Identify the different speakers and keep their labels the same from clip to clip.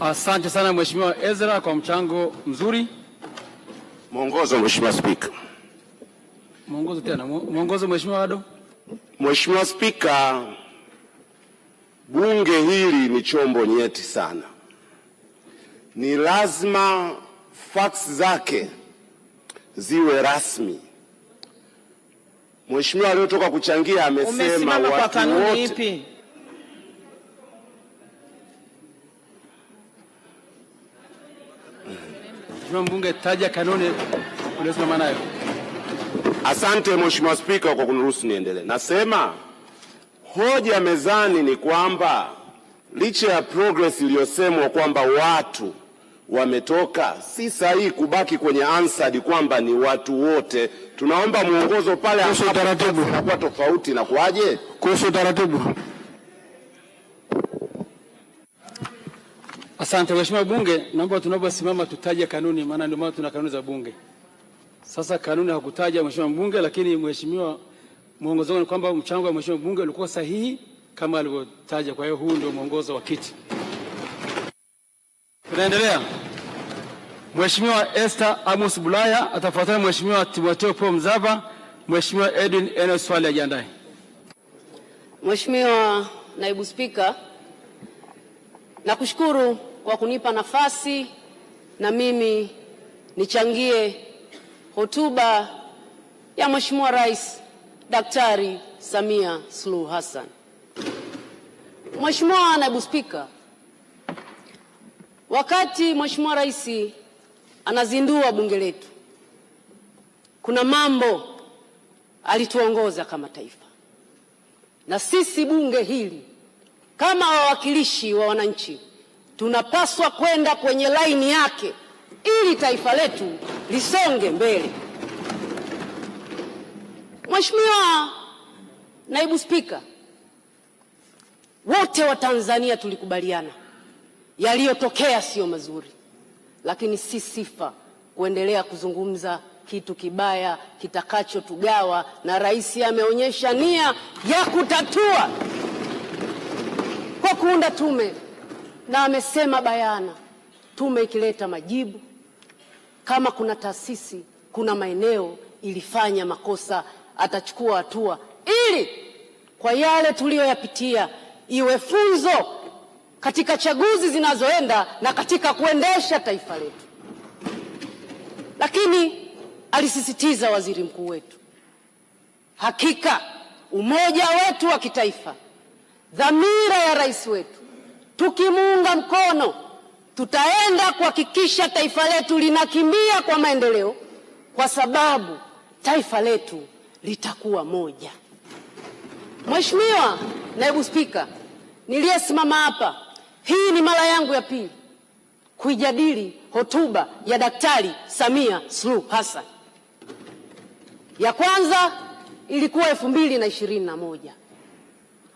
Speaker 1: Asante sana Mheshimiwa Ezra kwa mchango mzuri.
Speaker 2: Mwongozo Mheshimiwa Spika.
Speaker 1: Mwongozo tena, mwongozo Mheshimiwa Ado.
Speaker 2: Mheshimiwa Spika, bunge hili ni chombo nyeti sana, ni lazima fax zake ziwe rasmi. Mheshimiwa aliyotoka kuchangia amesema watu wote
Speaker 1: Mheshimiwa mbunge, taja kanuni uliyosimama nayo.
Speaker 2: Asante Mheshimiwa Spika kwa kuniruhusu niendelee. Nasema hoja mezani ni kwamba licha ya progress iliyosemwa kwamba watu wametoka, si sahihi kubaki kwenye ansadi kwamba ni watu wote. Tunaomba mwongozo pale ambapo taratibu tofauti na kwaje
Speaker 1: kuhusu taratibu Asante Mheshimiwa Bunge, naomba tunaposimama tutaje kanuni, maana ndio maana tuna kanuni za Bunge. Sasa kanuni hakutaja Mheshimiwa Bunge, lakini Mheshimiwa mwongozo ni kwamba mchango wa Mheshimiwa Bunge ulikuwa sahihi kama alivyotaja. Kwa hiyo huu ndio mwongozo wa kiti. Tunaendelea. Mheshimiwa Esther Amos Bulaya atafuatana Mheshimiwa Timotheo Paul Mzava. Mheshimiwa Edwin Enos Swali ajiandae.
Speaker 3: Mheshimiwa Naibu Spika, nakushukuru kwa kunipa nafasi na mimi nichangie hotuba ya Mheshimiwa Rais Daktari Samia Suluhu Hassan. Mheshimiwa Naibu Spika, wakati Mheshimiwa Rais anazindua bunge letu, kuna mambo alituongoza kama taifa, na sisi bunge hili kama wawakilishi wa wananchi tunapaswa kwenda kwenye laini yake ili taifa letu lisonge mbele. Mheshimiwa Naibu Spika, wote wa Tanzania tulikubaliana yaliyotokea siyo mazuri, lakini si sifa kuendelea kuzungumza kitu kibaya kitakachotugawa, na rais ameonyesha nia ya kutatua kwa kuunda tume na amesema bayana, tume ikileta majibu kama kuna taasisi, kuna maeneo ilifanya makosa, atachukua hatua ili kwa yale tuliyoyapitia iwe funzo katika chaguzi zinazoenda na katika kuendesha taifa letu. Lakini alisisitiza waziri mkuu wetu, hakika umoja wetu wa kitaifa, dhamira ya rais wetu tukimuunga mkono tutaenda kuhakikisha taifa letu linakimbia kwa maendeleo, kwa sababu taifa letu litakuwa moja. Mheshimiwa Naibu Spika, niliyesimama hapa, hii ni mara yangu ya pili kuijadili hotuba ya Daktari Samia Suluhu Hassan. Ya kwanza ilikuwa elfu mbili na ishirini na moja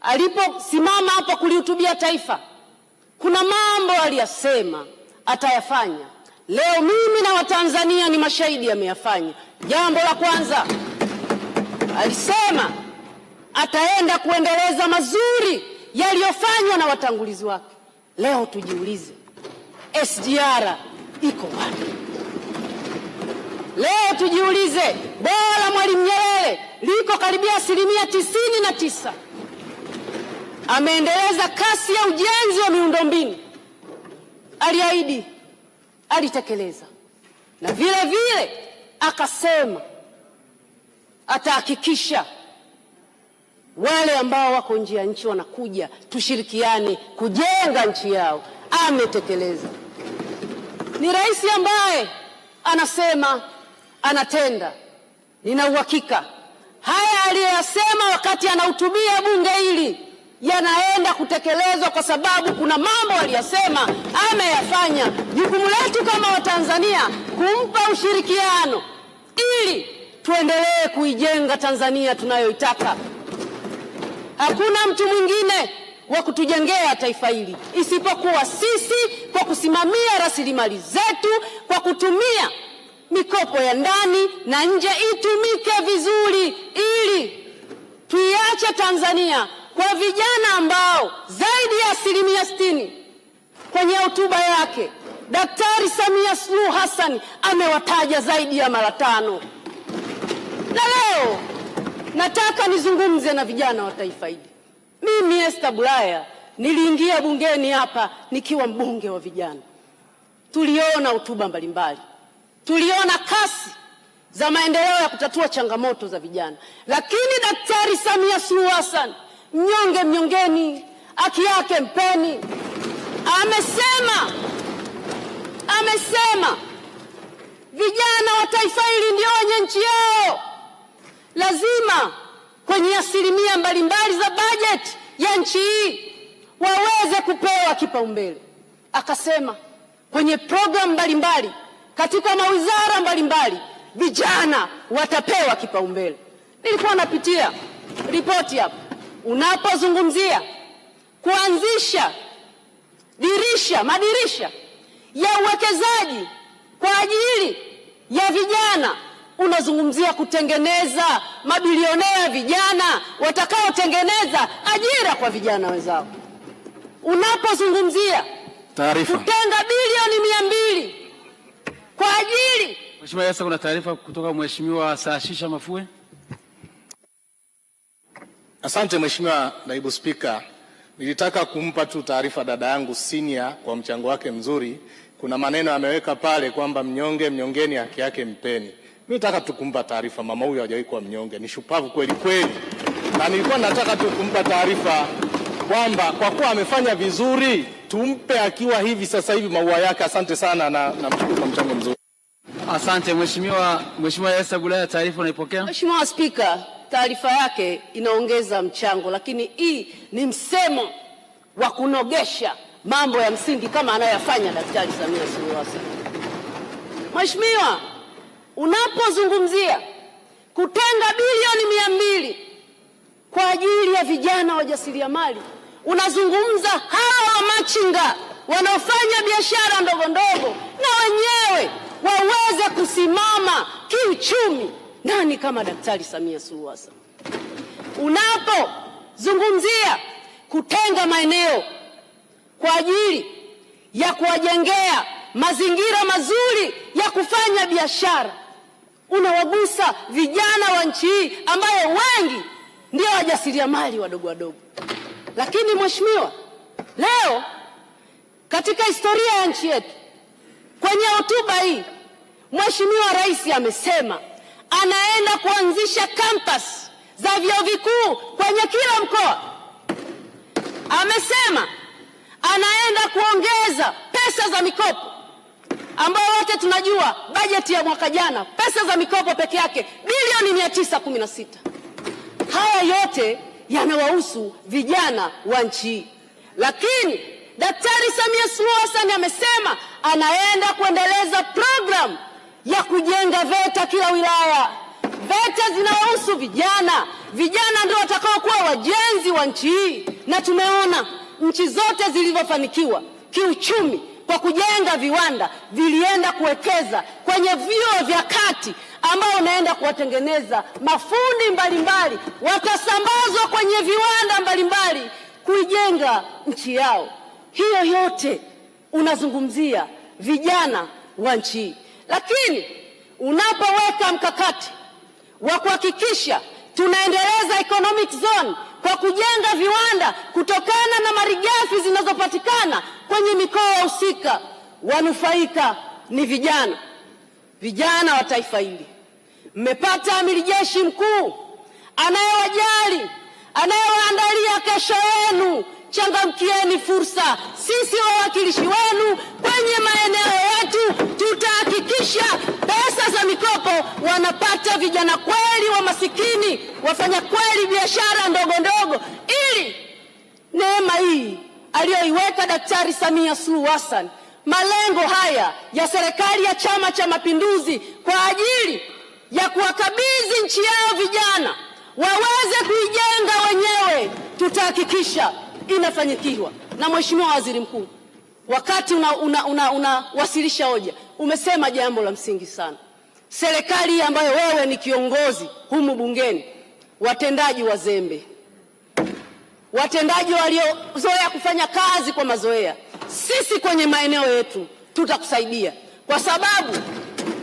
Speaker 3: aliposimama hapa kulihutubia taifa kuna mambo aliyasema atayafanya. Leo mimi na Watanzania ni mashahidi, ameyafanya. Jambo la kwanza alisema ataenda kuendeleza mazuri yaliyofanywa na watangulizi wake. Leo tujiulize, SGR iko wapi? Leo tujiulize, bora Mwalimu Nyerere liko karibia asilimia tisini na tisa ameendeleza kasi ya ujenzi wa miundombinu. Aliahidi, alitekeleza, na vile vile akasema atahakikisha wale ambao wako nje ya nchi wanakuja, tushirikiane kujenga nchi yao. Ametekeleza. Ni rais ambaye anasema, anatenda. Nina uhakika haya aliyoyasema wakati anahutubia bunge hili yanaenda kutekelezwa, kwa sababu kuna mambo aliyosema ameyafanya. Jukumu letu kama Watanzania kumpa ushirikiano ili tuendelee kuijenga Tanzania tunayoitaka. Hakuna mtu mwingine wa kutujengea taifa hili isipokuwa sisi, kwa kusimamia rasilimali zetu, kwa kutumia mikopo ya ndani na nje itumike vizuri, ili tuiache Tanzania kwa vijana ambao zaidi ya asilimia sitini kwenye hotuba yake Daktari Samia Suluhu Hassan amewataja zaidi ya mara tano, na leo nataka nizungumze na vijana wa taifa hili. Mimi Esther Bulaya niliingia bungeni hapa nikiwa mbunge wa vijana, tuliona hotuba mbalimbali, tuliona kasi za maendeleo ya kutatua changamoto za vijana, lakini Daktari Samia Suluhu Hassan mnyonge mnyongeni, haki yake mpeni. Amesema, amesema vijana wa taifa hili ndio wenye nchi yao. Lazima kwenye asilimia mbalimbali za bajeti ya nchi hii waweze kupewa kipaumbele. Akasema kwenye programu mbalimbali katika mawizara mbalimbali vijana watapewa kipaumbele. Nilikuwa napitia ripoti hapo unapozungumzia kuanzisha dirisha madirisha ya uwekezaji kwa ajili ya vijana, unazungumzia kutengeneza mabilionea vijana watakaotengeneza ajira kwa vijana wenzao. Unapozungumzia kutenga bilioni mia mbili kwa ajili
Speaker 1: Mheshimiwa, Yasa, kuna taarifa kutoka Mheshimiwa Saashisha Mafue.
Speaker 4: Asante Mheshimiwa Naibu Spika, nilitaka kumpa tu taarifa dada yangu Sinia kwa mchango wake mzuri. Kuna maneno ameweka pale kwamba mnyonge mnyongeni, haki yake mpeni. Mimi nataka tu kumpa taarifa, mama huyu hajawahi kuwa mnyonge, ni shupavu kweli kweli, na nilikuwa nataka tu kumpa taarifa kwamba kwa kuwa amefanya vizuri tumpe akiwa hivi sasa hivi maua yake. Asante sana na namshukuru kwa mchango mzuri.
Speaker 1: Asante Mheshimiwa. Mheshimiwa Esther Bulaya, taarifa unaipokea?
Speaker 3: Mheshimiwa Spika, taarifa yake inaongeza mchango, lakini hii ni msemo wa kunogesha mambo ya msingi kama anayoyafanya Daktari Samia Suluhu Hassan. Mheshimiwa, unapozungumzia kutenga bilioni mia mbili kwa ajili ya vijana wajasiriamali, unazungumza hawa wamachinga wanaofanya biashara ndogo ndogo na wenyewe waweze kusimama kiuchumi. Nani kama Daktari Samia Suluhu Hassan? Unapozungumzia kutenga maeneo kwa ajili ya kuwajengea mazingira mazuri ya kufanya biashara, unawagusa vijana wa nchi hii ambayo wengi ndio wajasiriamali wadogo wadogo. Lakini mheshimiwa, leo katika historia ya nchi yetu, kwenye hotuba hii mheshimiwa rais amesema anaenda kuanzisha campus za vyuo vikuu kwenye kila mkoa. Amesema anaenda kuongeza pesa za mikopo ambayo wote tunajua bajeti ya mwaka jana pesa za mikopo peke yake bilioni sita. Haya yote yanawahusu vijana wa nchi hii, lakini Daktari Samia Suluhu Hassan amesema anaenda kuendeleza programu ya kujenga VETA kila wilaya. VETA zinawahusu vijana, vijana ndio watakao kuwa wajenzi wa nchi hii, na tumeona nchi zote zilivyofanikiwa kiuchumi kwa kujenga viwanda vilienda kuwekeza kwenye vyuo vya kati ambao unaenda kuwatengeneza mafundi mbalimbali, watasambazwa kwenye viwanda mbalimbali kuijenga nchi yao. Hiyo yote unazungumzia vijana wa nchi hii. Lakini unapoweka mkakati wa kuhakikisha tunaendeleza economic zone kwa kujenga viwanda kutokana na malighafi zinazopatikana kwenye mikoa husika, wanufaika ni vijana, vijana wa taifa hili. Mmepata amiri jeshi mkuu anayewajali, anayewaandalia kesho yenu. Changamkieni fursa, sisi wawakilishi wenu kwenye maeneo yetu kuhakikisha pesa za mikopo wanapata vijana kweli wa masikini, wafanya kweli biashara ndogo ndogo, ili neema hii aliyoiweka Daktari Samia Suluhu Hassan, malengo haya ya serikali ya Chama cha Mapinduzi kwa ajili ya kuwakabidhi nchi yao vijana waweze kuijenga wenyewe, tutahakikisha inafanyikiwa. Na Mheshimiwa Waziri Mkuu, wakati unawasilisha una, una, una hoja umesema jambo la msingi sana. Serikali ambayo wewe ni kiongozi humu bungeni, watendaji wazembe, watendaji waliozoea kufanya kazi kwa mazoea, sisi kwenye maeneo yetu tutakusaidia, kwa sababu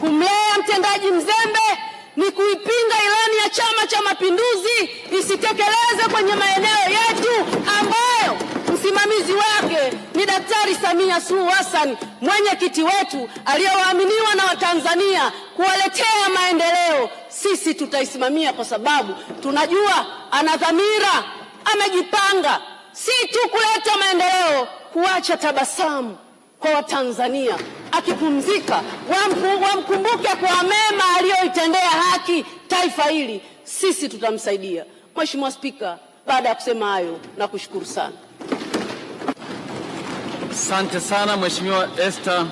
Speaker 3: kumlea mtendaji mzembe ni kuipinga ilani ya Chama cha Mapinduzi isitekeleze kwenye maeneo yetu ambayo Msimamizi wake ni Daktari Samia Suluhu Hassan, mwenyekiti wetu aliyowaaminiwa na Watanzania kuwaletea maendeleo. Sisi tutaisimamia kwa sababu tunajua ana dhamira, amejipanga si tu kuleta maendeleo, kuacha tabasamu kwa Watanzania. Akipumzika wamkumbuke kwa mema aliyoitendea haki taifa hili. Sisi tutamsaidia. Mheshimiwa Spika, baada ya kusema hayo, nakushukuru sana.
Speaker 1: Asante sana Mheshimiwa Esther